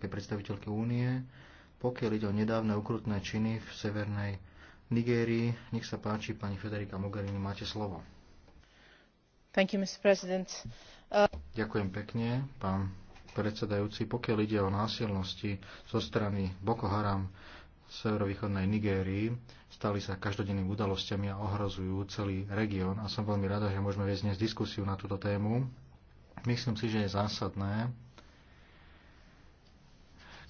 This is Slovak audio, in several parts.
vysokej predstaviteľky únie, pokiaľ ide o nedávne ukrutné činy v severnej Nigérii. Nech sa páči, pani Federica Mogherini, máte slovo. Thank you, Mr. President. Uh... Ďakujem pekne, pán predsedajúci. Pokiaľ ide o násilnosti zo strany Boko Haram v severovýchodnej Nigérii, stali sa každodennými udalosťami a ohrozujú celý región a som veľmi rada, že môžeme viesť dnes diskusiu na túto tému. Myslím si, že je zásadné,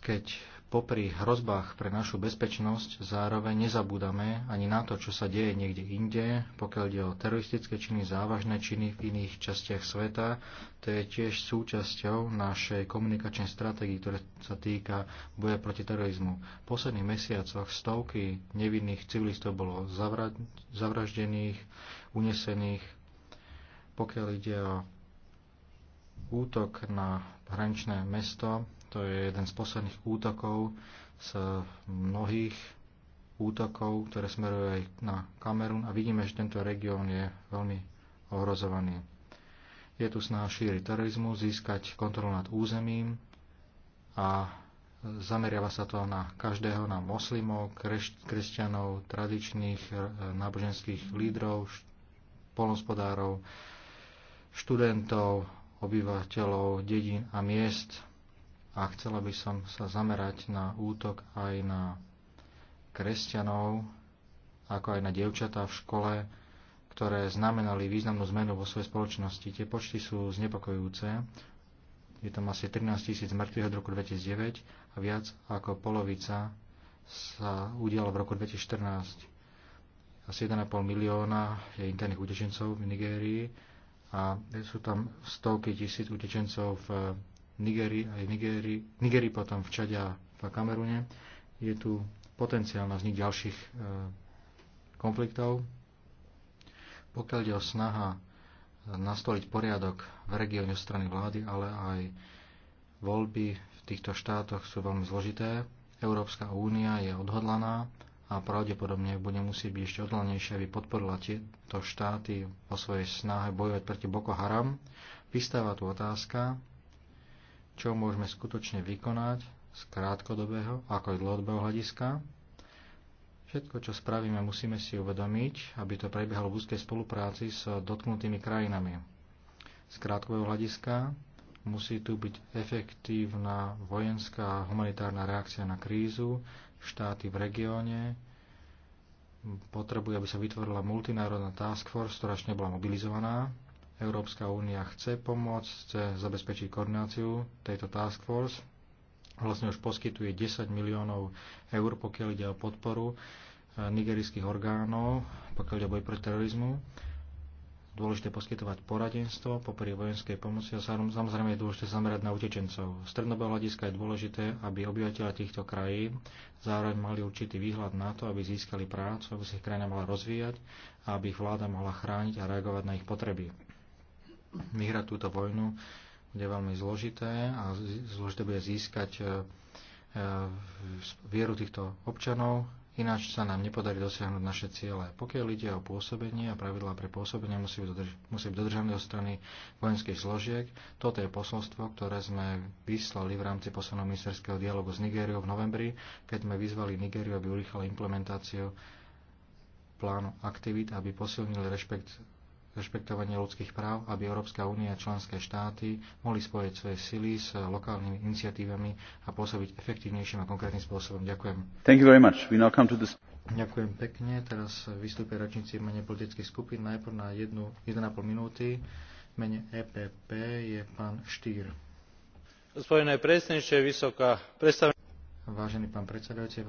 keď popri hrozbách pre našu bezpečnosť zároveň nezabúdame ani na to, čo sa deje niekde inde, pokiaľ ide o teroristické činy, závažné činy v iných častiach sveta. To je tiež súčasťou našej komunikačnej stratégie, ktoré sa týka boja proti terorizmu. V posledných mesiacoch stovky nevinných civilistov bolo zavra- zavraždených, unesených. Pokiaľ ide o útok na hraničné mesto, to je jeden z posledných útokov z mnohých útokov, ktoré smerujú aj na Kamerun a vidíme, že tento región je veľmi ohrozovaný. Je tu snaha šíriť terorizmus, získať kontrolu nad územím a zameriava sa to na každého, na moslimov, kresťanov, tradičných e, náboženských lídrov, polnospodárov, študentov, obyvateľov, dedín a miest, a chcela by som sa zamerať na útok aj na kresťanov, ako aj na dievčatá v škole, ktoré znamenali významnú zmenu vo svojej spoločnosti. Tie počty sú znepokojujúce. Je tam asi 13 tisíc mŕtvych od roku 2009 a viac ako polovica sa udiala v roku 2014. Asi 1,5 milióna je interných utečencov v Nigérii a sú tam stovky tisíc utečencov v Nigeri, aj Nigerii, Nigeri potom v Čade a v Kamerune. Je tu potenciálna vznik ďalších e, konfliktov. Pokiaľ ide o snaha e, nastoliť poriadok v regióne strany vlády, ale aj voľby v týchto štátoch sú veľmi zložité. Európska únia je odhodlaná a pravdepodobne bude musieť byť ešte odhodlanejšia, aby podporila tieto štáty o svojej snahe bojovať proti Boko Haram. Vystáva tu otázka, čo môžeme skutočne vykonať z krátkodobého ako aj dlhodobého hľadiska. Všetko, čo spravíme, musíme si uvedomiť, aby to prebiehalo v úzkej spolupráci s dotknutými krajinami. Z krátkového hľadiska musí tu byť efektívna vojenská a humanitárna reakcia na krízu, štáty v regióne, potrebuje, aby sa vytvorila multinárodná task force, ktorá ešte nebola mobilizovaná, Európska únia chce pomôcť, chce zabezpečiť koordináciu tejto task force. Vlastne už poskytuje 10 miliónov eur, pokiaľ ide o podporu e, nigerijských orgánov, pokiaľ ide o boj proti terorizmu. Dôležité poskytovať poradenstvo popri vojenskej pomoci a samozrejme je dôležité zamerať na utečencov. Z strednobého hľadiska je dôležité, aby obyvateľa týchto krajín zároveň mali určitý výhľad na to, aby získali prácu, aby sa ich krajina mala rozvíjať a aby ich vláda mohla chrániť a reagovať na ich potreby vyhrať túto vojnu bude veľmi zložité a zložité bude získať e, e, vieru týchto občanov, ináč sa nám nepodarí dosiahnuť naše ciele. Pokiaľ ide o pôsobenie a pravidlá pre pôsobenie musí byť, dodrž- musí byť dodržané zo strany vojenských zložiek, toto je posolstvo, ktoré sme vyslali v rámci posledného ministerského dialogu s Nigériou v novembri, keď sme vyzvali Nigériu, aby urýchala implementáciu plánu aktivít, aby posilnili rešpekt rešpektovania ľudských práv, aby Európska únia a členské štáty mohli spojiť svoje sily s lokálnymi iniciatívami a pôsobiť efektívnejším a konkrétnym spôsobom. Ďakujem. Thank you very much. We now come to this... Ďakujem pekne. Teraz vystúpia rečníci v mene politických skupín. Najprv na 1,5 minúty. V mene EPP je pán Štýr. Spojené predsjedniče, vysoká predstaviteľka. Vážený pán predsedajúci,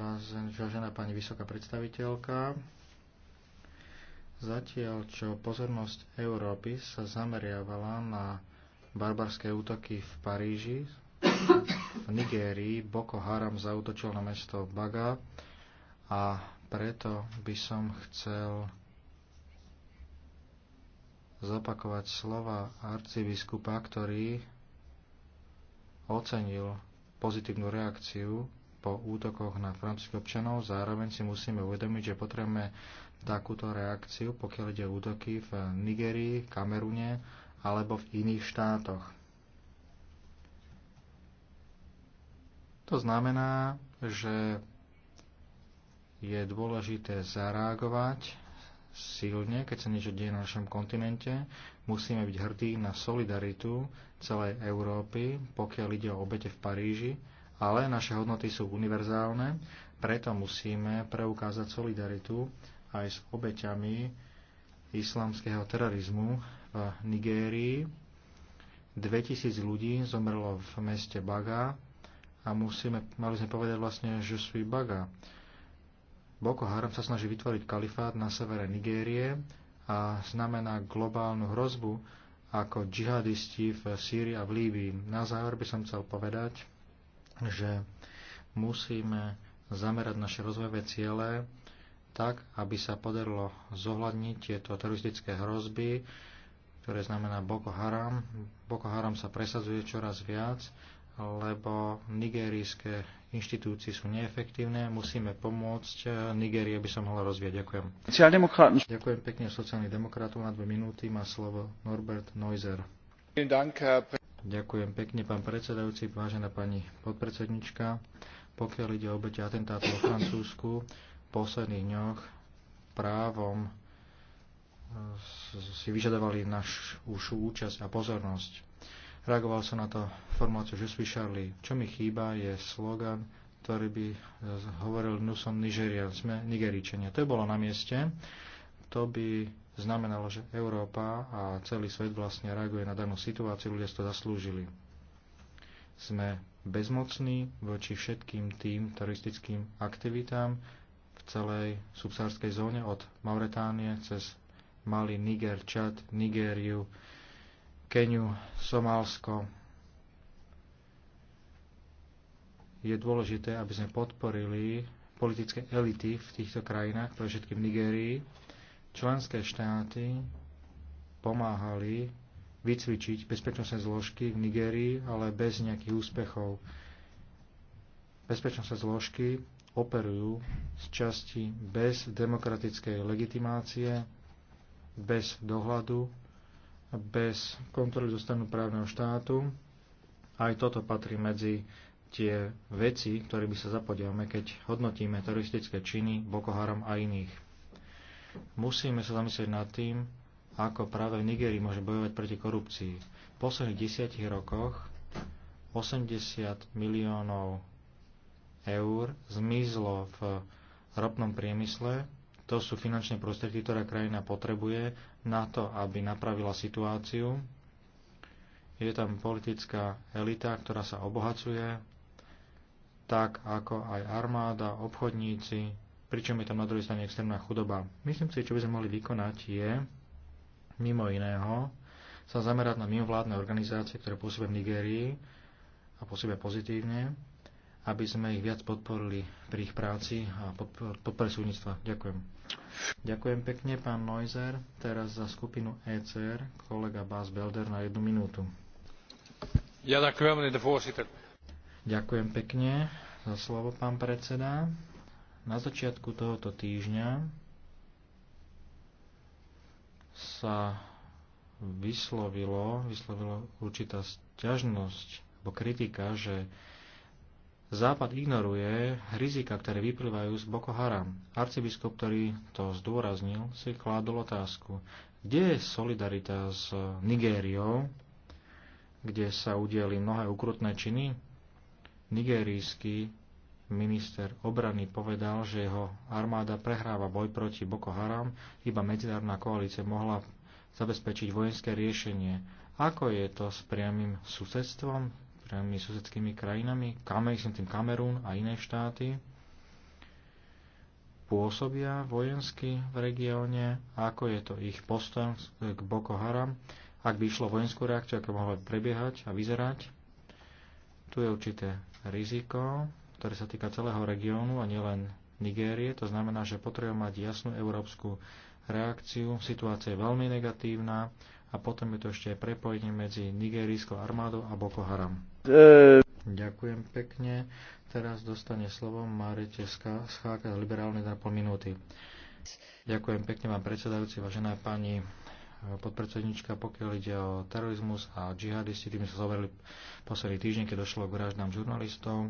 vážená pani vysoká predstaviteľka, Zatiaľ, čo pozornosť Európy sa zameriavala na barbarské útoky v Paríži, v Nigérii, Boko Haram zautočil na mesto Baga a preto by som chcel zopakovať slova arcibiskupa, ktorý ocenil pozitívnu reakciu po útokoch na francúzských občanov. Zároveň si musíme uvedomiť, že potrebujeme takúto reakciu, pokiaľ ide útoky v Nigerii, Kamerune alebo v iných štátoch. To znamená, že je dôležité zareagovať silne, keď sa niečo deje na našom kontinente. Musíme byť hrdí na solidaritu celej Európy, pokiaľ ide o obete v Paríži, ale naše hodnoty sú univerzálne, preto musíme preukázať solidaritu aj s obeťami islamského terorizmu v Nigérii. 2000 ľudí zomrlo v meste Baga a musíme, mali sme povedať vlastne, že sú Baga. Boko Haram sa snaží vytvoriť kalifát na severe Nigérie a znamená globálnu hrozbu ako džihadisti v Sýrii a v Líbii. Na záver by som chcel povedať, že musíme zamerať naše rozvojové ciele tak, aby sa podarilo zohľadniť tieto teroristické hrozby, ktoré znamená Boko Haram. Boko Haram sa presadzuje čoraz viac, lebo nigerijské inštitúcie sú neefektívne. Musíme pomôcť eh, Nigerii, aby sa mohla rozvíjať. Ďakujem. Ďakujem pekne sociálnym demokratov. Na dve minúty má slovo Norbert Neuser. Ďakujem pekne, pán predsedajúci, vážená pani podpredsednička. Pokiaľ ide o obete atentátu vo Francúzsku, v posledných dňoch právom e, si vyžadovali našu účasť a pozornosť. Reagoval som na to formáciu že suis Charlie. Čo mi chýba je slogan, ktorý by e, hovoril Nusom Nigerian, sme Nigeričania. To bolo na mieste. To by znamenalo, že Európa a celý svet vlastne reaguje na danú situáciu, ľudia si to zaslúžili. Sme bezmocní voči všetkým tým teroristickým aktivitám v celej subsárskej zóne od Mauretánie cez Mali, Niger, Čad, Nigériu, Keniu, Somálsko. Je dôležité, aby sme podporili politické elity v týchto krajinách, pre všetkým v Nigérii, členské štáty pomáhali vycvičiť bezpečnostné zložky v Nigerii, ale bez nejakých úspechov. Bezpečnostné zložky operujú z časti bez demokratickej legitimácie, bez dohľadu, bez kontroly zo stranu právneho štátu. Aj toto patrí medzi tie veci, ktoré by sa zapodievame, keď hodnotíme teroristické činy Boko Haram a iných. Musíme sa zamyslieť nad tým, ako práve v Nigerii môže bojovať proti korupcii. V posledných desiatich rokoch 80 miliónov eur zmizlo v ropnom priemysle. To sú finančné prostriedky, ktoré krajina potrebuje na to, aby napravila situáciu. Je tam politická elita, ktorá sa obohacuje, tak ako aj armáda, obchodníci, pričom je tam na druhej strane extrémna chudoba. Myslím si, čo by sme mohli vykonať je, mimo iného, sa zamerať na mimovládne organizácie, ktoré pôsobia v Nigérii a pôsobia pozitívne, aby sme ich viac podporili pri ich práci a podporili súdnictva. Ďakujem. Ďakujem pekne, pán Neuser. Teraz za skupinu ECR kolega Bas Belder na jednu minútu. Ja ďakujem, Ďakujem pekne za slovo, pán predseda. Na začiatku tohoto týždňa sa vyslovilo, vyslovilo určitá sťažnosť alebo kritika, že Západ ignoruje rizika, ktoré vyplývajú z Boko Haram. Arcibiskup, ktorý to zdôraznil, si kládol otázku, kde je solidarita s Nigériou, kde sa udieli mnohé ukrutné činy? Nigerijský minister obrany povedal, že jeho armáda prehráva boj proti Boko Haram, iba medzinárodná koalícia mohla zabezpečiť vojenské riešenie. Ako je to s priamým susedstvom, priamými susedskými krajinami, kamer, som tým Kamerún a iné štáty? Pôsobia vojensky v regióne? Ako je to ich postoj k Boko Haram? Ak by išlo vojenskú reakciu, ako mohla prebiehať a vyzerať? Tu je určité riziko, ktoré sa týka celého regiónu a nielen Nigérie. To znamená, že potrebujeme mať jasnú európsku reakciu. Situácia je veľmi negatívna a potom je to ešte aj prepojenie medzi nigerijskou armádou a Boko Haram. E... Ďakujem pekne. Teraz dostane slovo Marite Scháka z Liberálnej na pol minúty. Ďakujem pekne vám predsedajúci, vážená pani eh, podpredsednička, pokiaľ ide o terorizmus a džihadisti, tým sa zoverili posledný týždeň, keď došlo k vraždám žurnalistov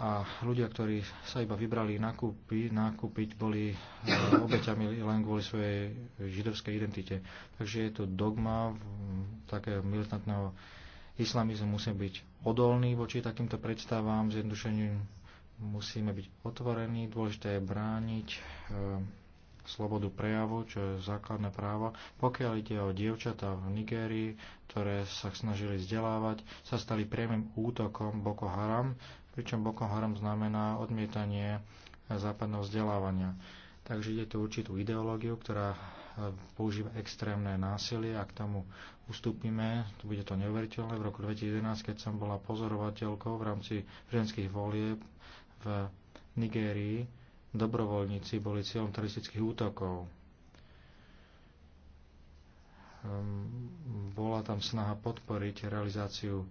a ľudia, ktorí sa iba vybrali nakúpi, nakúpiť, boli e, obeťami len kvôli svojej židovskej identite. Takže je to dogma takého militantného islamizmu. Musíme byť odolní voči takýmto predstavám, zjednodušením musíme byť otvorení, dôležité je brániť e, slobodu prejavu, čo je základné právo. Pokiaľ ide o dievčatá v Nigérii, ktoré sa snažili vzdelávať, sa stali priamým útokom Boko Haram, pričom Boko Haram znamená odmietanie západného vzdelávania. Takže ide tu určitú ideológiu, ktorá e, používa extrémne násilie a k tomu ustúpime. Bude to neuveriteľné. V roku 2011, keď som bola pozorovateľkou v rámci ženských volieb v Nigérii, dobrovoľníci boli cieľom teroristických útokov ehm, bola tam snaha podporiť realizáciu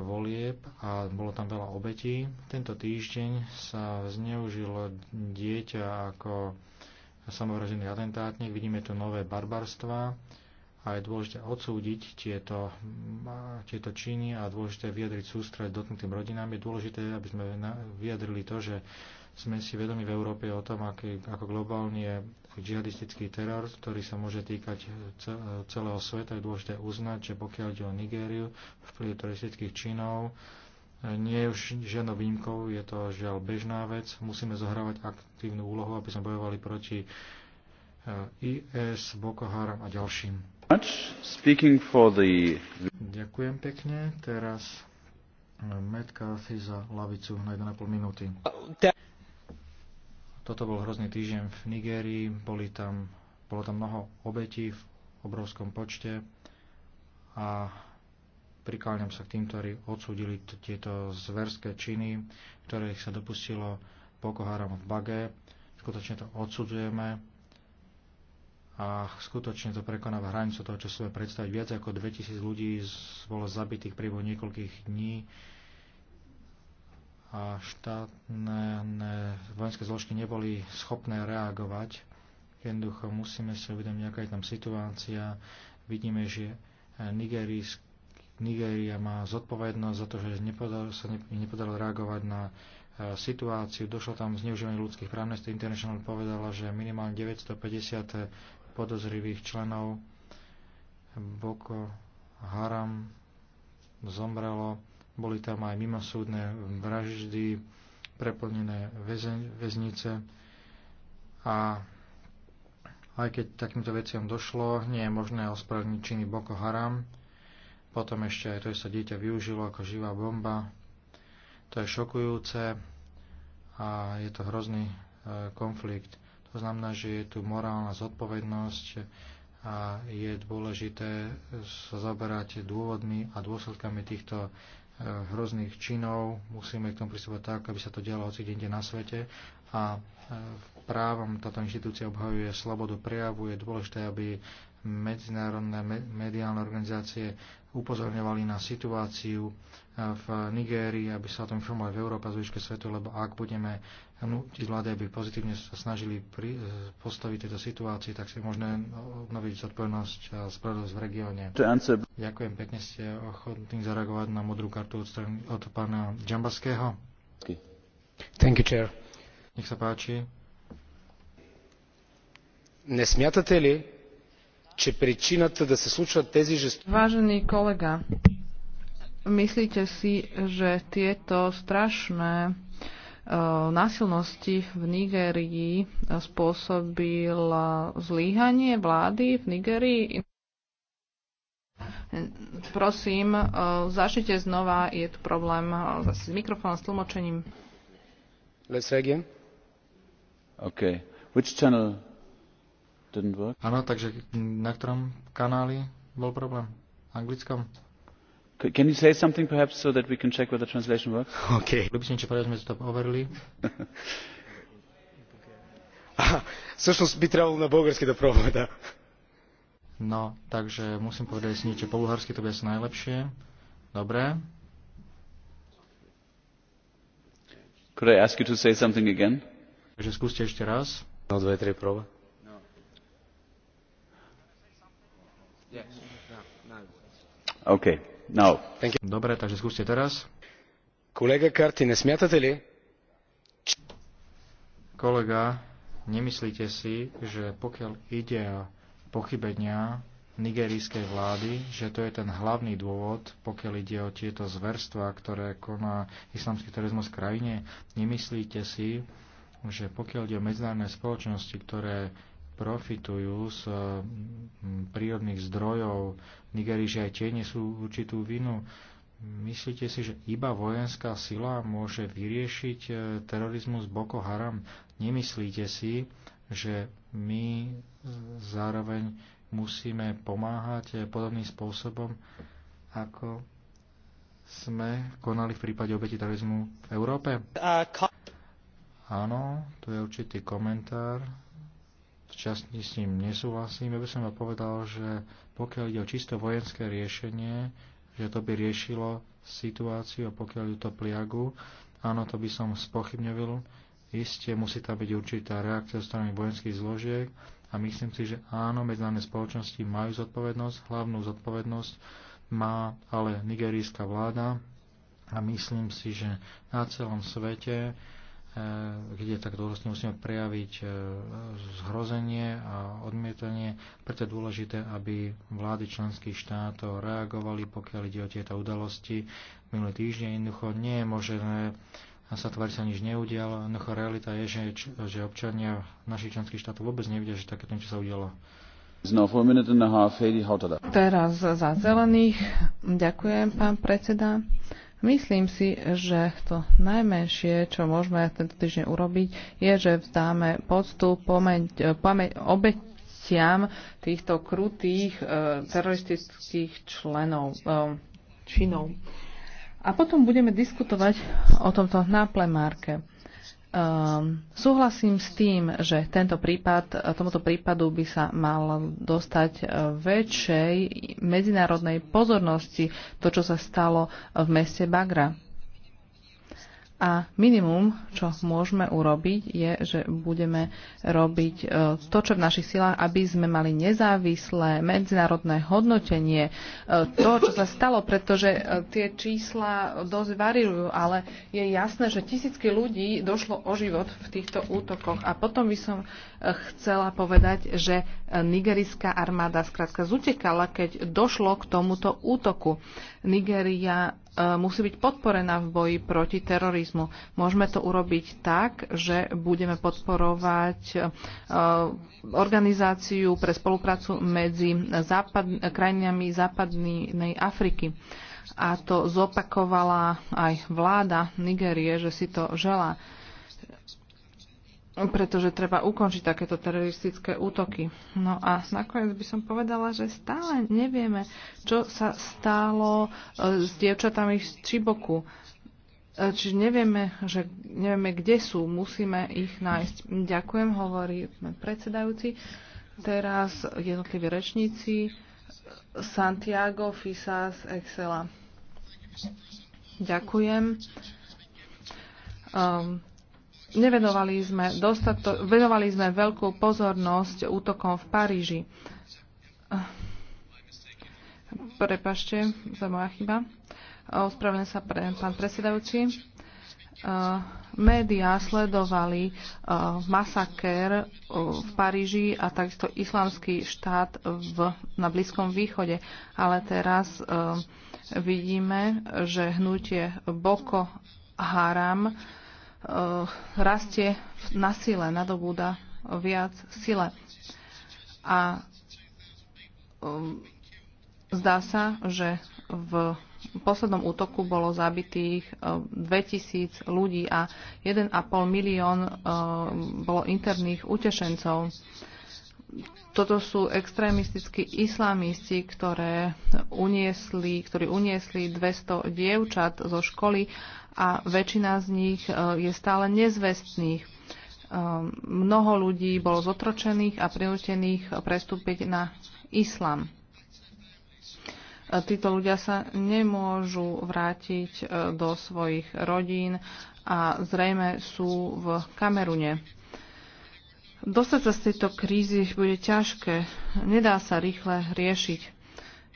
volieb a bolo tam veľa obetí. Tento týždeň sa zneužilo dieťa ako samovražený atentátnik. Vidíme tu nové barbarstva a je dôležité odsúdiť tieto, tieto činy a dôležité vyjadriť sústrať dotknutým rodinám. Je dôležité, aby sme vyjadrili to, že sme si vedomi v Európe o tom, aký, ako globálny je džihadistický teror, ktorý sa môže týkať celého sveta. Je dôležité uznať, že pokiaľ ide o Nigériu, vplyv teroristických činov, e, nie je už žiadnou výnimkou, je to žiaľ bežná vec. Musíme zohrávať aktívnu úlohu, aby sme bojovali proti e, IS, Boko Haram a ďalším. The... Ďakujem pekne. Teraz Matt Carthy za lavicu na 1,5 minúty. Toto bol hrozný týždeň v Nigérii, boli tam, bolo tam mnoho obetí v obrovskom počte a prikláňam sa k tým, ktorí odsúdili tieto zverské činy, ktorých sa dopustilo Boko Haram v Bage. Skutočne to odsudzujeme a skutočne to prekonáva hranicu toho, čo sme predstaviť. Viac ako 2000 ľudí bolo zabitých priebehu niekoľkých dní a štátne vojenské zložky neboli schopné reagovať. Jednoducho musíme si uvedomiť, aká je tam situácia. Vidíme, že Nigéria má zodpovednosť za to, že nepodal, sa nepodarilo reagovať na e, situáciu. Došlo tam zneužívanie ľudských práv. Amnesty International povedala, že minimálne 950 podozrivých členov Boko Haram zomrelo boli tam aj mimosúdne vraždy, preplnené väznice a aj keď takýmto veciam došlo, nie je možné ospravedlniť činy Boko Haram. Potom ešte aj to, že sa dieťa využilo ako živá bomba. To je šokujúce a je to hrozný e, konflikt. To znamená, že je tu morálna zodpovednosť a je dôležité sa zaberať dôvodmi a dôsledkami týchto hrozných činov, musíme k tomu pristúpať tak, aby sa to dialo hoci kde na svete a e, právom táto inštitúcia obhajuje slobodu prejavu. Je dôležité, aby medzinárodné mediálne organizácie upozorňovali na situáciu v Nigérii, aby sa o tom informovali v Európe a zvyške svetu, lebo ak budeme nutiť vlády, aby pozitívne sa snažili pri, e, postaviť tejto situácii, tak si možné obnoviť zodpovednosť a spravodlivosť v regióne. Ďakujem pekne, ste ochotní zareagovať na modrú kartu od, strany, od pána Džambaského. Thank you, chair. Nech sa páči. Nesmiatate li, či че причината sa се tezi, že... Vážený kolega, Myslíte si, že tieto strašné e, násilnosti v Nigérii e, spôsobil zlíhanie vlády v Nigérii? Prosím, e, začnite znova, je tu problém zase s mikrofónom, s tlmočením. Let's say again. OK. Which channel didn't work? Áno, takže na ktorom kanáli bol problém? Anglickom? Can you say something perhaps so that we can check whether translation works? Okay. Ľubím, či povedať, sme to overili. Всъщност би trebalo na български да пробваме, да. No, takže musím povedať si niečo po bulharsky, to bude asi najlepšie. Dobre. Could I ask you to say something again? Takže skúste ešte raz. No, dve, tri prova. Okay. No. Dobre, takže skúste teraz. Kolega Karty, nesmiatate li? Kolega, nemyslíte si, že pokiaľ ide o pochybenia nigerijskej vlády, že to je ten hlavný dôvod, pokiaľ ide o tieto zverstva, ktoré koná islamský terorizmus v krajine. Nemyslíte si, že pokiaľ ide o medzinárodné spoločnosti, ktoré profitujú z eh, prírodných zdrojov. Nigerii, že aj tie nesú určitú vinu. Myslíte si, že iba vojenská sila môže vyriešiť eh, terorizmus Boko Haram? Nemyslíte si, že my eh, zároveň musíme pomáhať podobným spôsobom, ako sme konali v prípade obeti terorizmu v Európe? Áno, tu je určitý komentár časti s ním nesúhlasím. Ja by som povedal, že pokiaľ ide o čisto vojenské riešenie, že to by riešilo situáciu a pokiaľ ju to pliagu, áno, to by som spochybňoval. Isté musí tam byť určitá reakcia zo strany vojenských zložiek a myslím si, že áno, medzinárodné spoločnosti majú zodpovednosť, hlavnú zodpovednosť má ale nigerijská vláda a myslím si, že na celom svete Eh, kde tak dôrazne musíme prejaviť eh, zhrozenie a odmietanie. Preto je dôležité, aby vlády členských štátov reagovali, pokiaľ ide o tieto udalosti. Minulý týždeň jednoducho nie je možné a sa tvári sa nič neudialo. Jednoducho realita je, že, že občania našich členských štátov vôbec nevidia, že takéto niečo sa udialo. Teraz za zelených. Ďakujem, pán predseda. Myslím si, že to najmenšie, čo môžeme tento týždeň urobiť, je, že vzdáme poctu e, pamäť, obetiam týchto krutých e, teroristických členov, e, činov. A potom budeme diskutovať o tomto na plemárke. Um, súhlasím s tým, že tento prípad, tomuto prípadu by sa mal dostať e, väčšej medzinárodnej pozornosti to, čo sa stalo v meste Bagra. A minimum, čo môžeme urobiť, je, že budeme robiť e, to, čo v našich silách, aby sme mali nezávislé medzinárodné hodnotenie e, to, čo sa stalo, pretože e, tie čísla dosť variujú, ale je jasné, že tisícky ľudí došlo o život v týchto útokoch. A potom by som chcela povedať, že nigerijská armáda skrátka zutekala, keď došlo k tomuto útoku. Nigeria E, musí byť podporená v boji proti terorizmu. Môžeme to urobiť tak, že budeme podporovať e, organizáciu pre spoluprácu medzi západ, krajinami západnej Afriky. A to zopakovala aj vláda Nigérie, že si to želá pretože treba ukončiť takéto teroristické útoky. No a nakoniec by som povedala, že stále nevieme, čo sa stalo e, s dievčatami z Čiboku. E, čiže nevieme, že nevieme, kde sú, musíme ich nájsť. Ďakujem, hovorí predsedajúci. Teraz jednotliví rečníci Santiago Fisas Excela. Ďakujem. Um, Nevenovali sme, dostato, venovali sme veľkú pozornosť útokom v Paríži. Prepašte za moja chyba. Ospravedlňujem sa, pre, pán predsedajúci. Eh, Média sledovali eh, masakér eh, v Paríži a takisto islamský štát v, na Blízkom východe. Ale teraz vidíme, že hnutie Boko Haram Eh, rastie na sile, nadobúda viac sile. A um, zdá sa, že v poslednom útoku bolo zabitých 2000 eh, ľudí a 1,5 milión eh, bolo interných utešencov toto sú extrémistickí islamisti, ktoré uniesli, ktorí uniesli 200 dievčat zo školy a väčšina z nich e, je stále nezvestných. E, mnoho ľudí bolo zotročených a prinútených prestúpiť na islam. E, títo ľudia sa nemôžu vrátiť do svojich rodín a zrejme sú v Kamerune Dostať sa z tejto krízy bude ťažké. Nedá sa rýchle riešiť.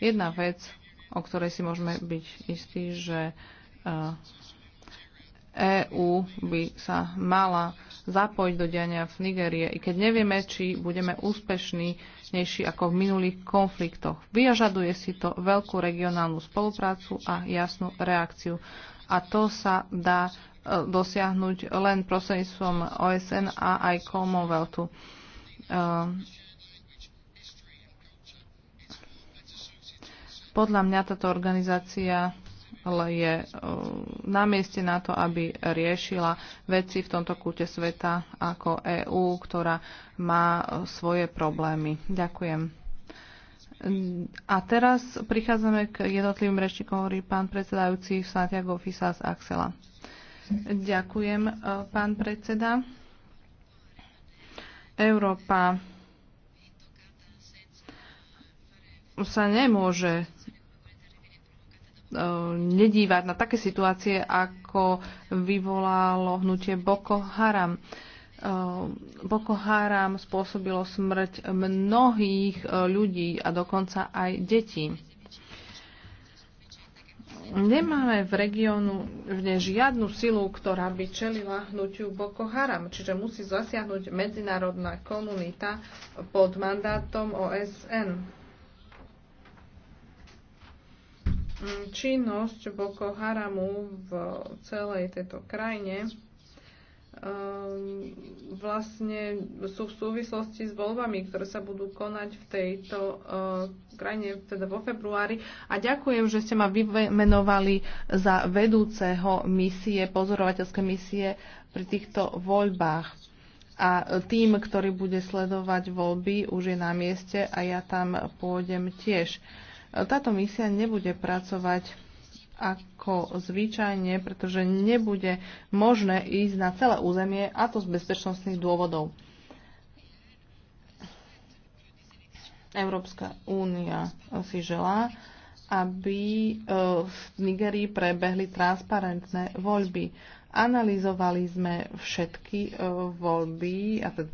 Jedna vec, o ktorej si môžeme byť istí, že EÚ eh, e by sa mala zapojiť do diania v Nigérie, i keď nevieme, či budeme úspešní nejší ako v minulých konfliktoch. Vyžaduje si to veľkú regionálnu spoluprácu a jasnú reakciu. A to sa dá dosiahnuť len prostredníctvom OSN a aj Commonwealthu. Eh, podľa mňa táto organizácia je eh, na mieste na to, aby riešila veci v tomto kúte sveta ako EÚ, ktorá má eh, svoje problémy. Ďakujem. A teraz prichádzame k jednotlivým rečníkom, hovorí pán predsedajúci Santiago Fisas Axela. Ďakujem, eh, pán predseda. Európa sa nemôže eh, nedívať na také situácie, ako vyvolalo hnutie Boko Haram. Eh, Boko Haram spôsobilo smrť mnohých ľudí a dokonca aj detí nemáme v regiónu žiadnu silu, ktorá by čelila hnutiu Boko Haram, čiže musí zasiahnuť medzinárodná komunita pod mandátom OSN. Činnosť Boko Haramu v celej tejto krajine Ehm, vlastne sú v súvislosti s voľbami, ktoré sa budú konať v tejto uh, krajine, teda vo februári. A ďakujem, že ste ma vymenovali za vedúceho misie, pozorovateľské misie pri týchto voľbách. A tým, ktorý bude sledovať voľby, už je na mieste a ja tam pôjdem tiež. Táto misia nebude pracovať ako zvyčajne, pretože nebude možné ísť na celé územie, a to z bezpečnostných dôvodov. Európska únia si želá, aby e, v Nigerii prebehli transparentné voľby. Analizovali sme všetky e, voľby a teda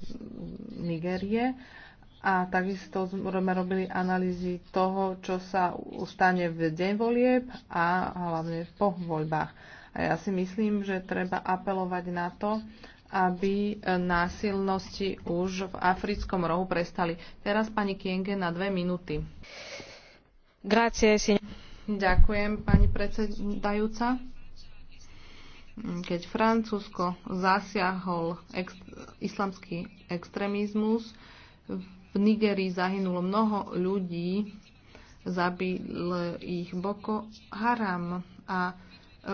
Nigerie a takisto sme robili analýzy toho, čo sa stane v deň volieb a hlavne po voľbách. A ja si myslím, že treba apelovať na to, aby násilnosti už v africkom rohu prestali. Teraz pani Kienge na dve minúty. Grazie, Ďakujem, pani predsedajúca. Keď Francúzsko zasiahol ex- islamský extrémizmus, v Nigerii zahynulo mnoho ľudí, zabil ich Boko Haram a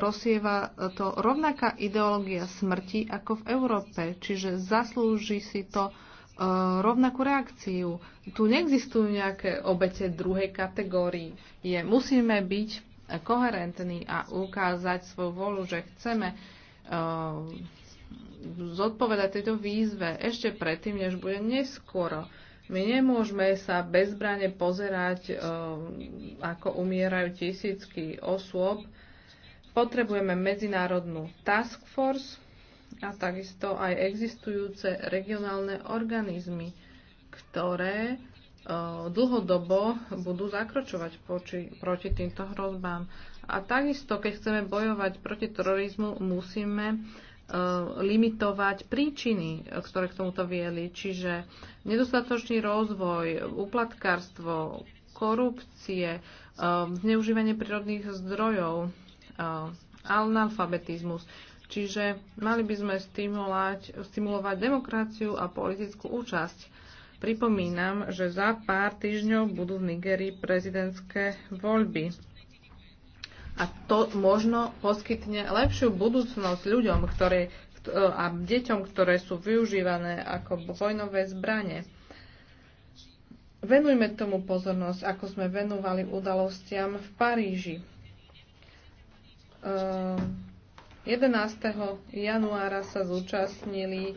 rozsieva to rovnaká ideológia smrti ako v Európe, čiže zaslúži si to e, rovnakú reakciu. Tu neexistujú nejaké obete druhej kategórii. Je, musíme byť koherentní a ukázať svoju volu, že chceme uh, zodpovedať tejto výzve ešte predtým, než bude neskoro. My nemôžeme sa bezbrane pozerať, eh, ako umierajú tisícky osôb. Potrebujeme medzinárodnú task force a takisto aj existujúce regionálne organizmy, ktoré eh, dlhodobo budú zakročovať poči, proti týmto hrozbám. A takisto, keď chceme bojovať proti terorizmu, musíme Eh, limitovať príčiny, eh, ktoré k tomuto vieli. Čiže nedostatočný rozvoj, uplatkárstvo, korupcie, eh, zneužívanie prírodných zdrojov, analfabetizmus. Čiže mali by sme stimulovať, stimulovať demokraciu a politickú účasť. Pripomínam, že za pár týždňov budú v Nigerii prezidentské voľby a to možno poskytne lepšiu budúcnosť ľuďom, ktorý, e, a deťom, ktoré sú využívané ako vojnové zbranie. Venujme tomu pozornosť, ako sme venovali udalostiam v Paríži. 11. E, januára sa zúčastnili e,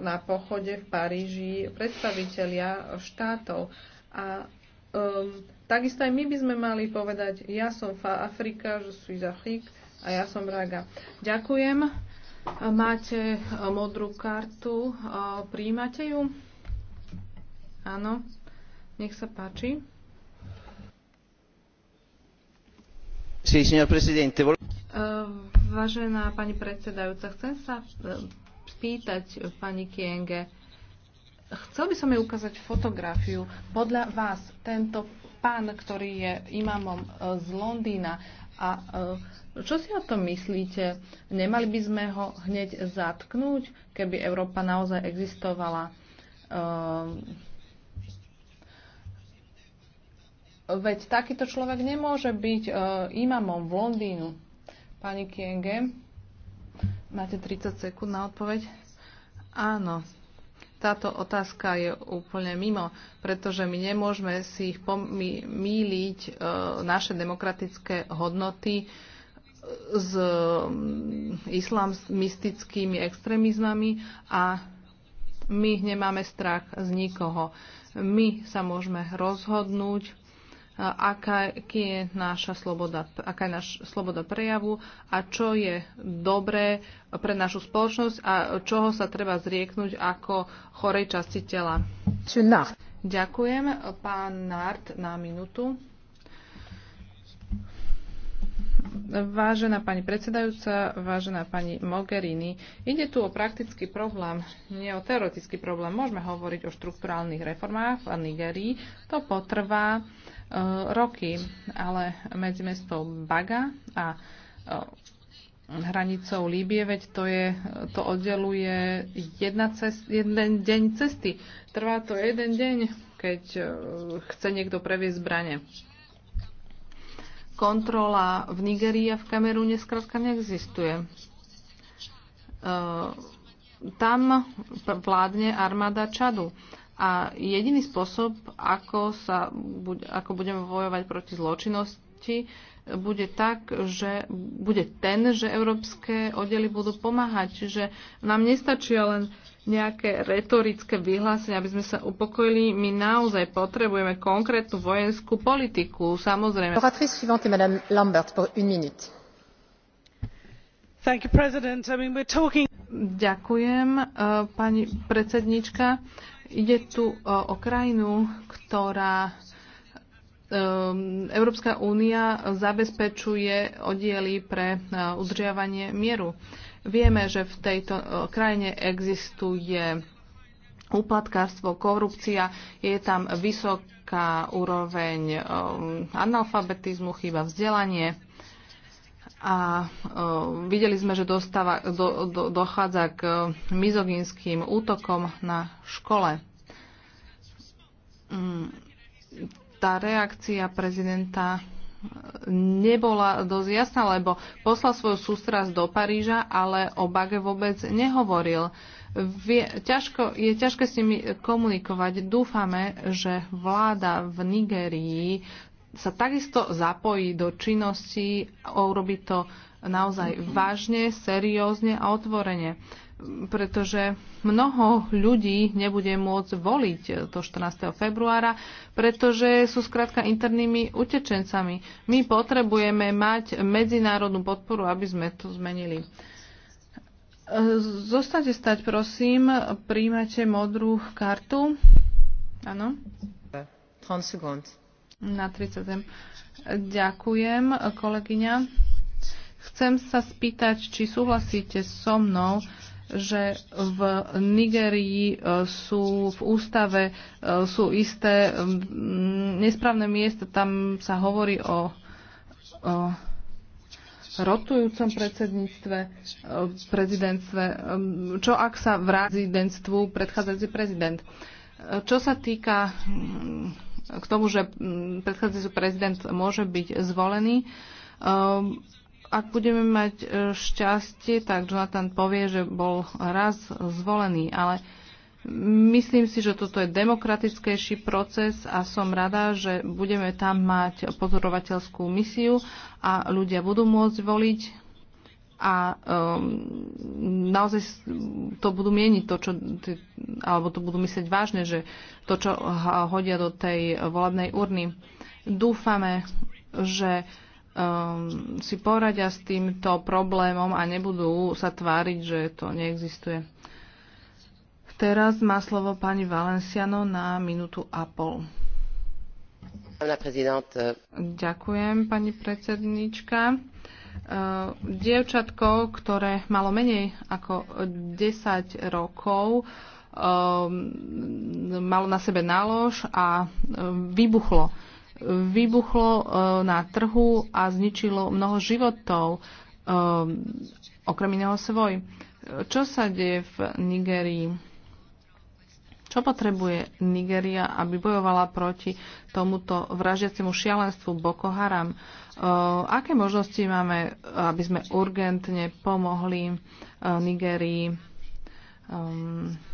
na pochode v Paríži predstavitelia štátov a um, Takisto aj my by sme mali povedať, ja som fa Afrika, že sú Afrique a ja som Braga. Ďakujem. Máte eh, modrú kartu. Eh, Príjmate ju? Áno. Nech sa páči. Sí, señor presidente. Eh, vážená pani predsedajúca, chcem sa spýtať pani Kienge. Chcel by som jej ukázať fotografiu. Podľa vás tento pán, ktorý je imamom e, z Londýna. A e, čo si o tom myslíte? Nemali by sme ho hneď zatknúť, keby Európa naozaj existovala? E, veď takýto človek nemôže byť imamom v Londýnu. Pani Kienge, máte 30 sekúnd na odpoveď? Áno táto otázka je úplne mimo, pretože my nemôžeme si ich pomýliť e, naše demokratické hodnoty e, s islamistickými extrémizmami a my nemáme strach z nikoho. My sa môžeme rozhodnúť aká je naša sloboda, aká je naš sloboda prejavu a čo je dobré pre našu spoločnosť a čoho sa treba zrieknúť ako chorej časti tela. Ďakujem. Pán Nart na minútu. Vážená pani predsedajúca, vážená pani Mogherini, ide tu o praktický problém, nie o teoretický problém. Môžeme hovoriť o štruktúrálnych reformách v Nigerii. To potrvá e, roky, ale medzi mestom Baga a e, hranicou Líbie, veď to, je, to oddeluje jedna cest, jeden deň cesty. Trvá to jeden deň, keď e, chce niekto previesť zbranie kontrola v Nigerii a v Kamerúne skrátka neexistuje. E, tam vládne armáda Čadu. A jediný spôsob, ako, sa, ako budeme bojovať proti zločinnosti, bude tak, že bude ten, že európske oddely budú pomáhať. Čiže nám nestačia len nejaké retorické vyhlásenia, aby sme sa upokojili. My naozaj potrebujeme konkrétnu vojenskú politiku, samozrejme. Ďakujem, pani predsednička. Ide tu eh, o krajinu, ktorá eh, Európska únia zabezpečuje oddiely pre eh, udržiavanie mieru. Vieme, že v tejto e, krajine existuje úplatkárstvo, korupcia, je tam vysoká úroveň e, analfabetizmu, chýba vzdelanie a e, videli sme, že dostáva, do, do, dochádza k mizogínským útokom na škole. Mm, tá reakcia prezidenta nebola dosť jasná, lebo poslal svoju sústrasť do Paríža, ale o Bage vôbec nehovoril. Vie, ťažko, je ťažké s nimi komunikovať. Dúfame, že vláda v Nigerii sa takisto zapojí do činnosti, urobí to naozaj vážne, seriózne a otvorene pretože mnoho ľudí nebude môcť voliť to 14. februára, pretože sú skrátka internými utečencami. My potrebujeme mať medzinárodnú podporu, aby sme to zmenili. Zostate stať, prosím. Príjmate modrú kartu. Áno. 30 sekúnd. Na 30. Ďakujem, kolegyňa. Chcem sa spýtať, či súhlasíte so mnou, že v Nigerii e, sú v ústave e, sú isté nesprávne miesta. Tam sa hovorí o, o rotujúcom predsedníctve, e, prezidentstve. Čo ak sa v prezidentstvu predchádzajúci prezident? Čo sa týka k tomu, že predchádzajúci prezident môže byť zvolený, ak budeme mať e, šťastie, tak Jonathan povie, že bol raz zvolený, ale myslím si, že toto je demokratickejší proces a som rada, že budeme tam mať pozorovateľskú misiu a ľudia budú môcť voliť a um, naozaj to budú mieniť to, čo, alebo to budú myslieť vážne, že to, čo hodia do tej volebnej urny. Dúfame, že uh, um, si poradia s týmto problémom a nebudú sa tváriť, že to neexistuje. Teraz má slovo pani Valenciano na minútu a pol. Euh, Ďakujem, pani predsednička. Uh, dievčatko, ktoré malo menej ako 10 rokov, um, malo na sebe nálož a um, vybuchlo vybuchlo e, na trhu a zničilo mnoho životov, e, okrem iného svoj. Čo sa deje v Nigerii? Čo potrebuje Nigeria, aby bojovala proti tomuto vražiacemu šialenstvu Boko Haram? E, aké možnosti máme, aby sme urgentne pomohli Nigerii? Ehm,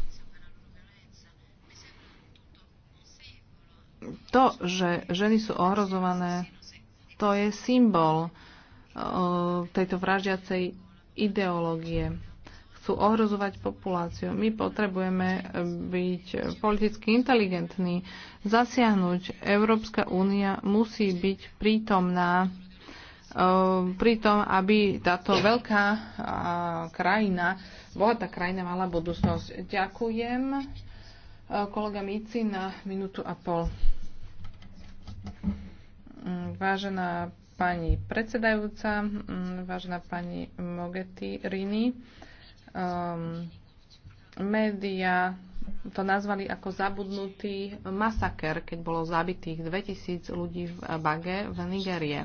to, že ženy sú ohrozované, to je symbol e, tejto vraždiacej ideológie. Chcú ohrozovať populáciu. My potrebujeme byť politicky inteligentní, zasiahnuť. Európska únia musí byť prítomná e, pri tom, aby táto veľká krajina, bohatá krajina mala budúcnosť. Ďakujem kolega Mici na minútu a pol. Vážená pani predsedajúca, vážená pani Mogetirini. Rini, um, média to nazvali ako zabudnutý masaker, keď bolo zabitých 2000 ľudí v Bage v Nigerie.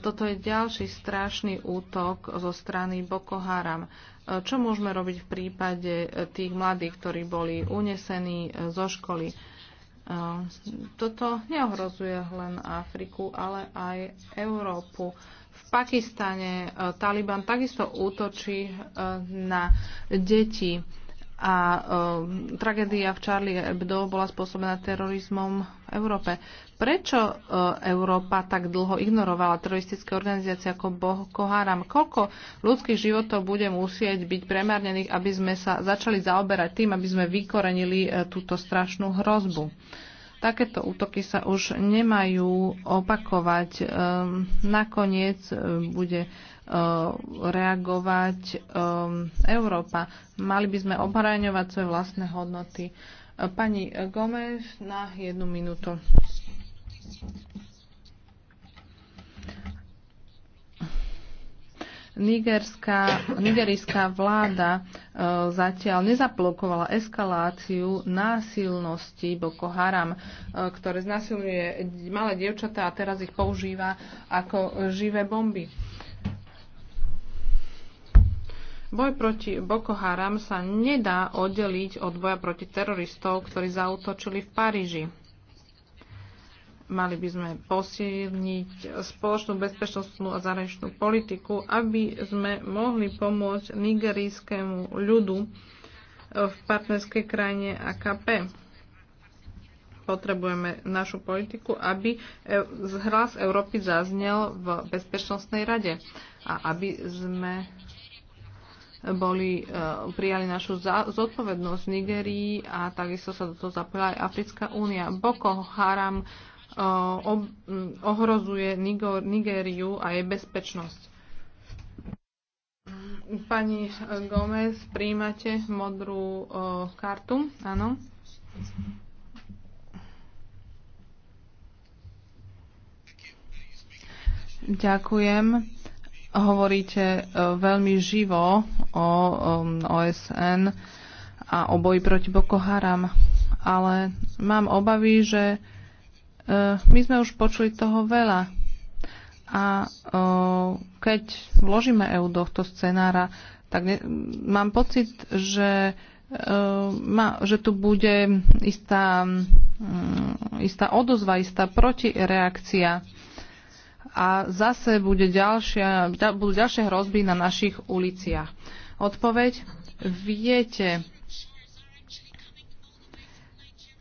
Toto je ďalší strašný útok zo strany Boko Haram. Čo môžeme robiť v prípade e, tých mladých, ktorí boli unesení e, zo školy? E, toto neohrozuje len Afriku, ale aj Európu. V Pakistane Taliban takisto útočí na deti a e, tragédia v Charlie Hebdo bola spôsobená terorizmom v Európe. Prečo e, Európa tak dlho ignorovala teroristické organizácie ako Boko Haram? Koľko ľudských životov bude musieť byť premárnených, aby sme sa začali zaoberať tým, aby sme vykorenili e, túto strašnú hrozbu? Takéto útoky sa už nemajú opakovať. Ehm, nakoniec e, bude e, reagovať ehm, Európa. Mali by sme obhraňovať svoje vlastné hodnoty. E, pani Gomez na jednu minútu. Nigerská, nigerijská vláda e, zatiaľ nezablokovala eskaláciu násilnosti Boko Haram, e, ktoré znásilňuje malé dievčatá a teraz ich používa ako živé bomby. Boj proti Boko Haram sa nedá oddeliť od boja proti teroristov, ktorí zautočili v Paríži. Mali by sme posilniť spoločnú bezpečnostnú a zahraničnú politiku, aby sme mohli pomôcť nigerijskému ľudu v partnerskej krajine AKP potrebujeme našu politiku, aby e, hlas Európy zaznel v Bezpečnostnej rade a aby sme boli, e, prijali našu zodpovednosť v Nigerii a takisto sa do toho zapojila aj Africká únia. Boko Haram ohrozuje Nigériu a jej bezpečnosť. Pani Gomez, príjmate modrú kartu? Áno. Ďakujem. Hovoríte e, veľmi živo o OSN a o boji proti Boko Haram, ale mám obavy, že Eh, my sme už počuli toho veľa. A eh, keď vložíme EU do tohto scenára, tak ne, mám pocit, že, eh, ma, že tu bude istá, mm, istá odozva, istá protireakcia a zase bude ďalšia, budú ďalšie hrozby na našich uliciach. Odpoveď viete,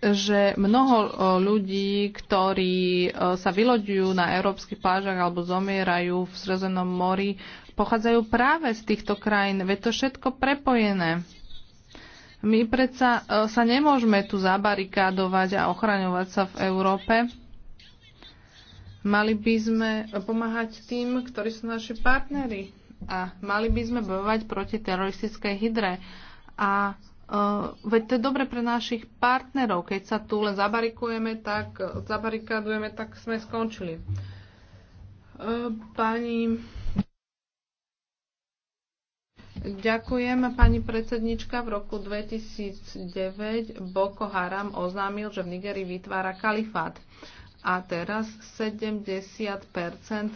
že mnoho e, ľudí, ktorí e, sa vyloďujú na európskych plážach alebo zomierajú v Srezenom mori, pochádzajú práve z týchto krajín. Veď to všetko prepojené. My predsa e, sa nemôžeme tu zabarikádovať a ochraňovať sa v Európe. Mali by sme pomáhať tým, ktorí sú naši partnery. A mali by sme bojovať proti teroristickej hydre. A Eh, veď to je dobre pre našich partnerov. Keď sa tu len zabarikujeme, tak zabarikadujeme, tak sme skončili. Eh, pani... Ďakujem, pani predsednička. V roku 2009 Boko Haram oznámil, že v Nigerii vytvára kalifát. A teraz 70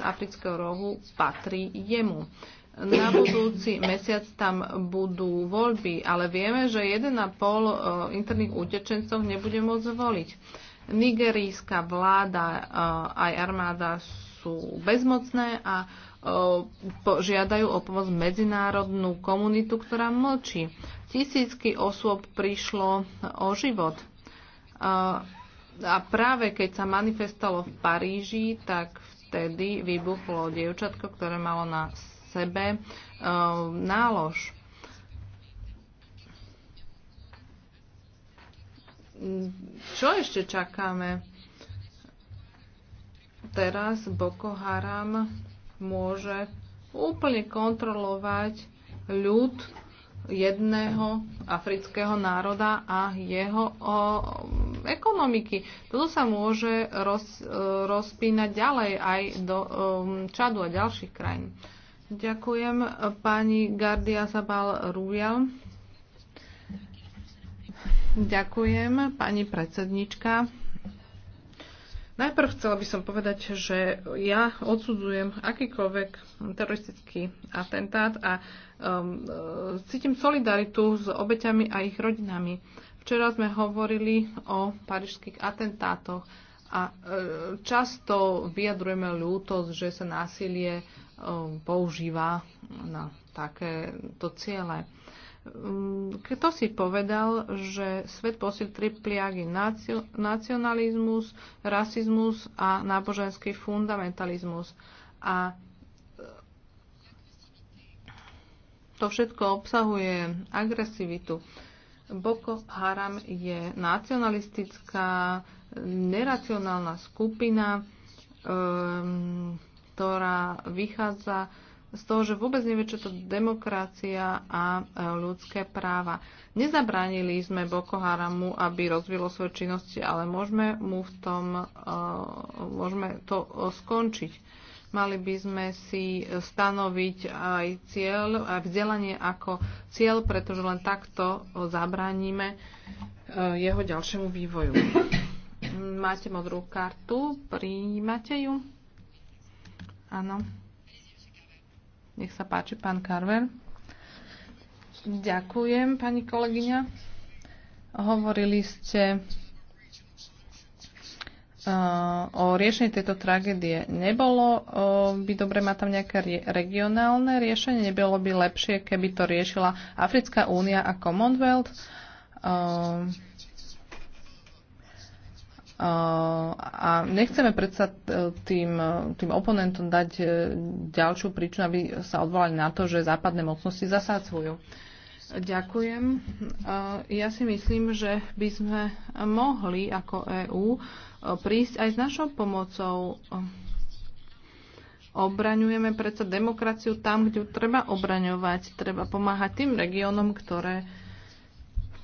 afrického rohu patrí jemu. Na budúci mesiac tam budú voľby, ale vieme, že 1,5 e, interných utečencov nebude môcť voliť. Nigerijská vláda e, aj armáda sú bezmocné a e, žiadajú o pomoc medzinárodnú komunitu, ktorá mlčí. Tisícky osôb prišlo o život. A práve keď sa manifestalo v Paríži, tak vtedy vybuchlo dievčatko, ktoré malo na sebe eh, nálož. Čo ešte čakáme? Teraz Boko Haram môže úplne kontrolovať ľud jedného afrického národa a jeho o, ekonomiky. Toto sa môže roz, eh, rozpínať ďalej aj do o, eh, Čadu a ďalších krajín. Ďakujem pani Gardia Zabal Rujal. Ďakujem pani predsednička. Najprv chcela by som povedať, že ja odsudzujem akýkoľvek teroristický atentát a um, e, cítim solidaritu s obeťami a ich rodinami. Včera sme hovorili o parížských atentátoch a e, často vyjadrujeme ľútosť, že sa násilie Um, používa na takéto ciele. Um, Kto si povedal, že svet posil tri pliagy nacionalizmus, rasizmus a náboženský fundamentalizmus. A uh, to všetko obsahuje agresivitu. Boko Haram je nacionalistická, neracionálna skupina, um, ktorá vychádza z toho, že vôbec nevie, čo to demokracia a e, ľudské práva. Nezabránili sme Boko Haramu, aby rozvilo svoje činnosti, ale môžeme mu v tom, e, môžeme to e, skončiť. Mali by sme si stanoviť aj cieľ, aj vzdelanie ako cieľ, pretože len takto zabránime jeho ďalšiemu vývoju. Máte modrú kartu, príjmate ju? Áno. Nech sa páči, pán Karver. Ďakujem, pani kolegyňa. Hovorili ste e, o riešení tejto tragédie. Nebolo e, by dobre mať tam nejaké regionálne riešenie? Nebolo by lepšie, keby to riešila Africká únia a Commonwealth? E, a nechceme predsa tým, tým oponentom dať e, ďalšiu príčinu, aby sa odvolali na to, že západné mocnosti zasadzujú. Ďakujem. Ja si myslím, že by sme mohli ako EÚ e, prísť aj s našou pomocou. Obraňujeme predsa demokraciu tam, kde treba obraňovať. Treba pomáhať tým regiónom, ktoré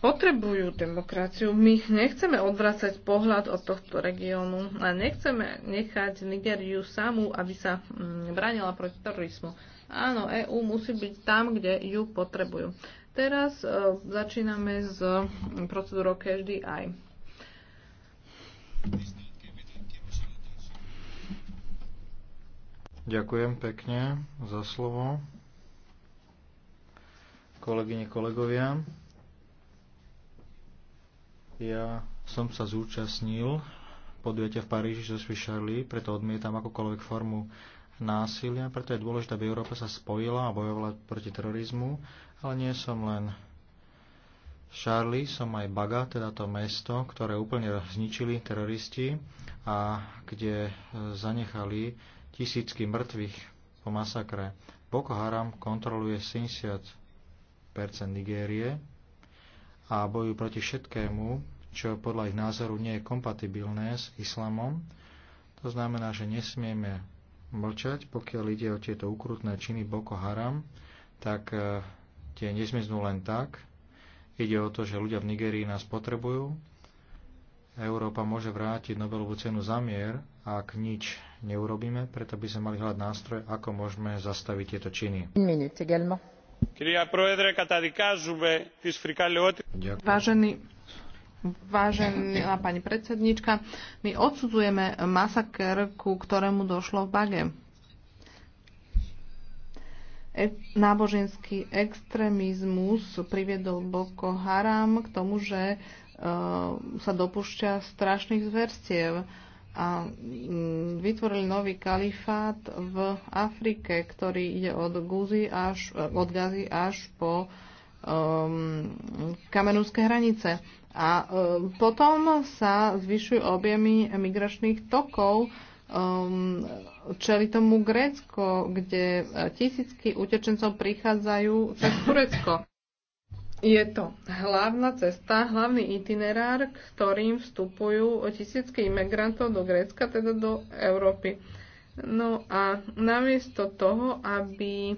potrebujú demokraciu. My nechceme odvracať pohľad od tohto regiónu a nechceme nechať Nigériu samú, aby sa mm, bránila proti terorizmu. Áno, EÚ musí byť tam, kde ju potrebujú. Teraz e, začíname s procedúrou každý aj. Ďakujem pekne za slovo. Kolegyne, kolegovia. Ja som sa zúčastnil podujete v Paríži so Svišarli, preto odmietam akúkoľvek formu násilia, preto je dôležité, aby Európa sa spojila a bojovala proti terorizmu, ale nie som len Charlie, som aj Baga, teda to mesto, ktoré úplne zničili teroristi a kde zanechali tisícky mŕtvych po masakre. Boko Haram kontroluje 70% Nigérie, a bojujú proti všetkému, čo podľa ich názoru nie je kompatibilné s islamom. To znamená, že nesmieme mlčať, pokiaľ ide o tieto ukrutné činy Boko Haram, tak e, tie nezmiznú len tak. Ide o to, že ľudia v Nigerii nás potrebujú. Európa môže vrátiť Nobelovú cenu za mier, ak nič neurobíme, preto by sme mali hľadať nástroje, ako môžeme zastaviť tieto činy vážená pani predsedníčka, my odsudzujeme masaker, ku ktorému došlo v Bage. E, náboženský extrémizmus priviedol Boko Haram k tomu, že e, sa dopúšťa strašných zverstiev a mm, vytvorili nový kalifát v Afrike, ktorý ide od, Guzi až, eh, od Gazy až po um, ehm, kamenúske hranice. A um, potom sa zvyšujú objemy migračných tokov, um, čeli tomu Grécko, kde eh, tisícky utečencov prichádzajú cez Turecko. Je to hlavná cesta, hlavný itinerár, ktorým vstupujú tisícky imigrantov do Grécka, teda do Európy. No a namiesto toho, aby e,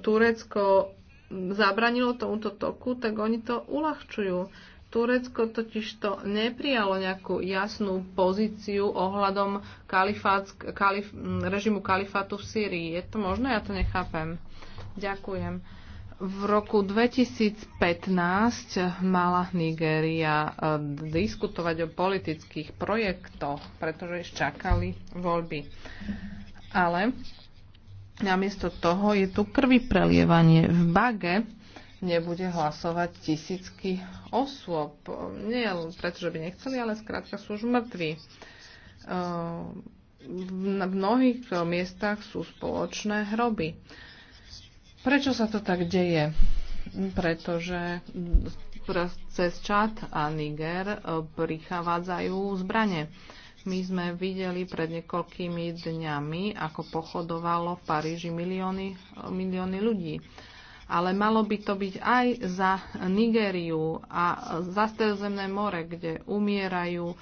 Turecko zabranilo tomuto toku, tak oni to uľahčujú. Turecko totiž to neprijalo nejakú jasnú pozíciu ohľadom kalifát, kalif, režimu kalifátu v Sýrii. Je to možné? Ja to nechápem. Ďakujem. V roku 2015 mala Nigéria e, diskutovať o politických projektoch, pretože čakali voľby. Ale namiesto toho je tu krvi prelievanie. V Bage nebude hlasovať tisícky osôb. Nie pretože by nechceli, ale skrátka sú už mŕtvi. E, v mnohých miestach sú spoločné hroby. Prečo sa to tak deje? Pretože cez Čad a Niger e, prichádzajú zbranie. My sme videli pred niekoľkými dňami, ako pochodovalo v Paríži milióny, e, milióny ľudí. Ale malo by to byť aj za Nigériu a za Stredozemné more, kde umierajú e,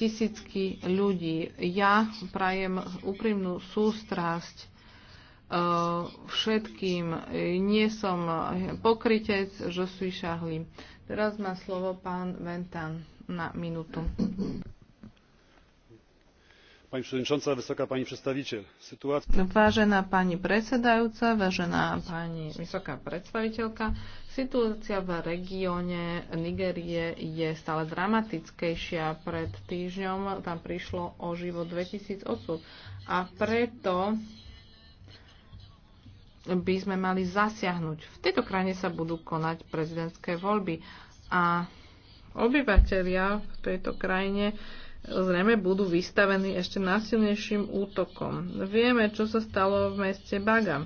tisícky ľudí. Ja prajem úprimnú sústrasť všetkým. Nie som pokrytec, že sú šahli. Teraz má slovo pán Ventan na minútu. Pani przewodnicząca, vysoká pani predstaviteľ. No, vážená pani predsedajúca, vážená pani vysoká predstaviteľka, situácia v regióne Nigérie je stále dramatickejšia. Pred týždňom tam prišlo o život 2000 osôb a preto by sme mali zasiahnuť. V tejto krajine sa budú konať prezidentské voľby a obyvateľia v tejto krajine zrejme budú vystavení ešte násilnejším útokom. Vieme, čo sa stalo v meste Baga.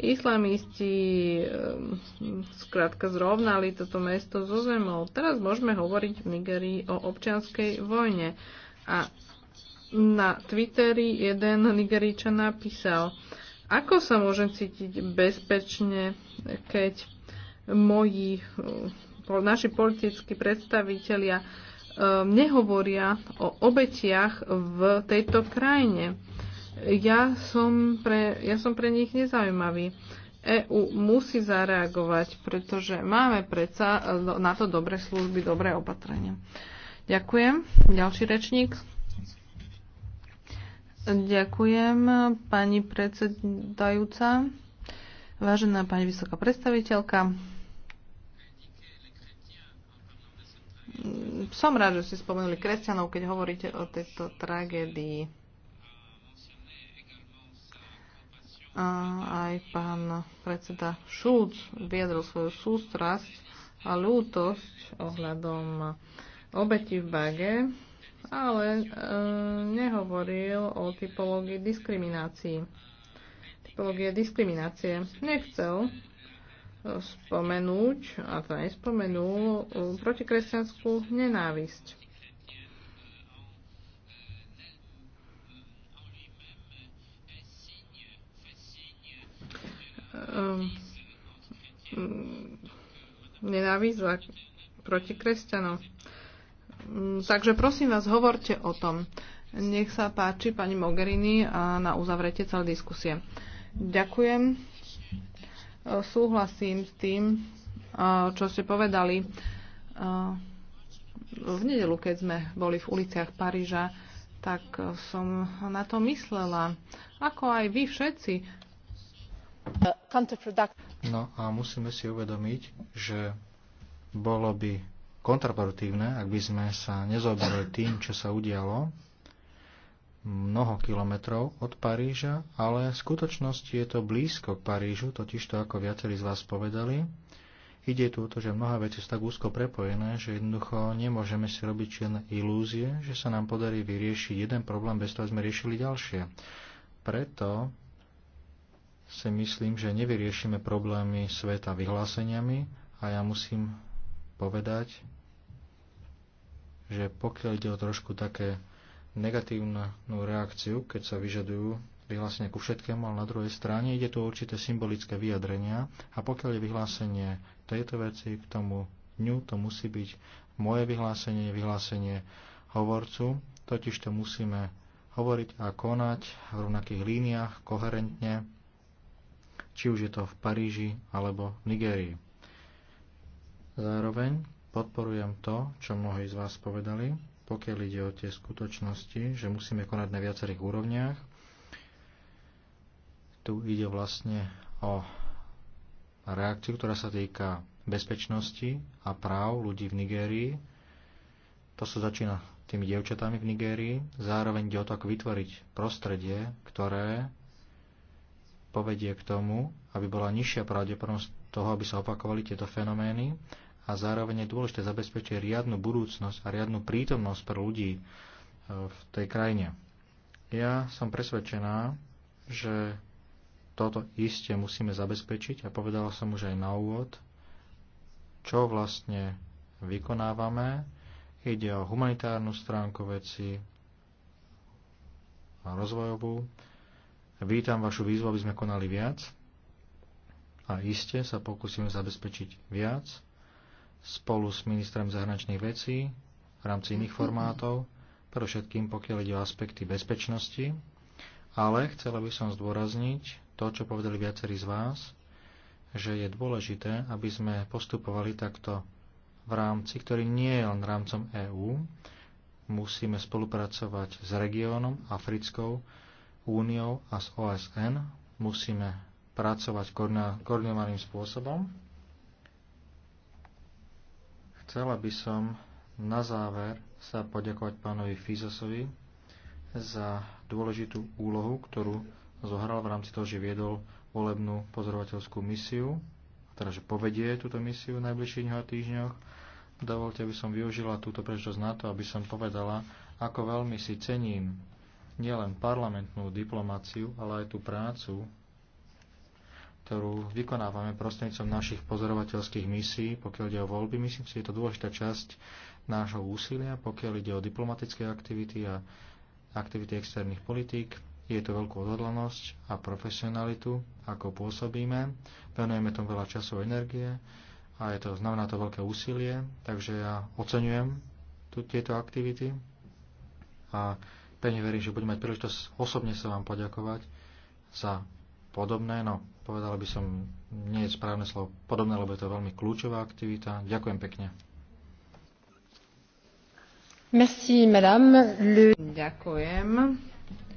Islamisti ehm, skrátka zrovnali toto mesto so zemou. Teraz môžeme hovoriť v Nigerii o občianskej vojne. A na Twitteri jeden Nigeričan napísal, ako sa môžem cítiť bezpečne, keď moji, naši politickí predstavitelia e, nehovoria o obetiach v tejto krajine. Ja som pre, ja som pre nich nezaujímavý. EÚ musí zareagovať, pretože máme predsa e, na to dobré služby, dobré opatrenie. Ďakujem. Ďalší rečník. Ďakujem, pani predsedajúca. Vážená pani vysoká predstaviteľka, som rád, že ste spomenuli kresťanov, keď hovoríte o tejto tragédii. A aj pán predseda Šulc viedol svoju sústrasť a lútosť ohľadom obeti v Bage ale e, nehovoril o typológii diskriminácií. Typológie diskriminácie. Nechcel e, spomenúť, a to nespomenul, e, protikresťanskú nenávisť. E, nenávisť proti kresťanom. Mm, takže prosím vás, hovorte o tom. Nech sa páči pani Mogherini a na uzavretie celé diskusie. Ďakujem. E, súhlasím s tým, e, čo ste povedali. E, v nedelu, keď sme boli v uliciach Paríža, tak som na to myslela. Ako aj vy všetci. No a musíme si uvedomiť, že bolo by kontraproduktívne, ak by sme sa nezobrali tým, čo sa udialo mnoho kilometrov od Paríža, ale v skutočnosti je to blízko k Parížu, totiž to, ako viacerí z vás povedali. Ide tu o to, že mnohé veci sú tak úzko prepojené, že jednoducho nemôžeme si robiť len ilúzie, že sa nám podarí vyriešiť jeden problém bez toho, sme riešili ďalšie. Preto si myslím, že nevyriešime problémy sveta vyhláseniami a ja musím povedať, že pokiaľ ide o trošku také negatívnu reakciu, keď sa vyžadujú vyhlásenia ku všetkému, ale na druhej strane ide tu o určité symbolické vyjadrenia a pokiaľ je vyhlásenie tejto veci k tomu dňu, to musí byť moje vyhlásenie, vyhlásenie hovorcu, totiž to musíme hovoriť a konať v rovnakých líniách, koherentne, či už je to v Paríži alebo v Nigérii. Zároveň podporujem to, čo mnohí z vás povedali, pokiaľ ide o tie skutočnosti, že musíme konať na viacerých úrovniach. Tu ide vlastne o reakciu, ktorá sa týka bezpečnosti a práv ľudí v Nigérii. To sa začína tými dievčatami v Nigérii. Zároveň ide o to, ako vytvoriť prostredie, ktoré povedie k tomu, aby bola nižšia pravdepodobnosť toho, aby sa opakovali tieto fenomény a zároveň je dôležité zabezpečiť riadnu budúcnosť a riadnu prítomnosť pre ľudí e, v tej krajine. Ja som presvedčená, že toto iste musíme zabezpečiť a povedala som už aj na úvod, čo vlastne vykonávame. Ide o humanitárnu stránku veci a rozvojovú. Vítam vašu výzvu, aby sme konali viac a iste sa pokúsime zabezpečiť viac spolu s ministrem zahraničných vecí v rámci iných formátov, pre všetkým pokiaľ ide o aspekty bezpečnosti, ale chcela by som zdôrazniť to, čo povedali viacerí z vás, že je dôležité, aby sme postupovali takto v rámci, ktorý nie je len rámcom EÚ. Musíme spolupracovať s regiónom, Africkou úniou a s OSN. Musíme pracovať koordinovaným spôsobom. Chcela by som na záver sa poďakovať pánovi Fizosovi za dôležitú úlohu, ktorú zohral v rámci toho, že viedol volebnú pozorovateľskú misiu, teda že povedie túto misiu v najbližších a týždňoch. Dovolte, aby som využila túto príležitosť na to, aby som povedala, ako veľmi si cením nielen parlamentnú diplomáciu, ale aj tú prácu, ktorú vykonávame prostrednícom našich pozorovateľských misií, pokiaľ ide o voľby. Myslím si, je to dôležitá časť nášho úsilia, pokiaľ ide o diplomatické aktivity a aktivity externých politík. Je to veľkú odhodlanosť a profesionalitu, ako pôsobíme. Venujeme tomu veľa času a energie a je to, znamená to veľké úsilie, takže ja oceňujem tu, tieto aktivity a pevne verím, že budeme mať príležitosť osobne sa vám poďakovať za podobné, no povedala by som, nie je správne slovo podobné, lebo je to veľmi kľúčová aktivita. Ďakujem pekne. Merci, madame. Le... Ďakujem.